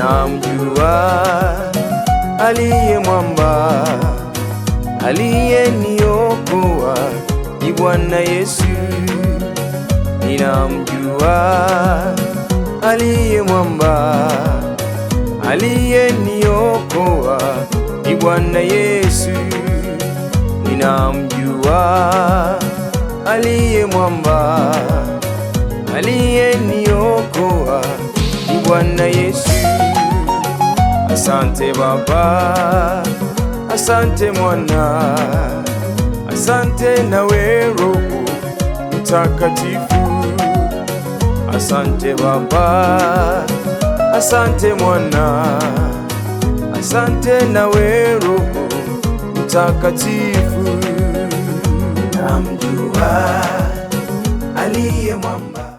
namjua aliye mwamba aliyeniokoa ni Bwana Yesu, ninamjua aliye mwamba aliyeniokoa ni Bwana Yesu, ninamjua aliye mwamba aliyeniokoa ni Bwana Yesu. Asante Baba, asante Mwana, asante nawe Roho Mtakatifu. Asante Baba, asante Mwana, asante nawe Roho Mtakatifu. Namjua aliye mwamba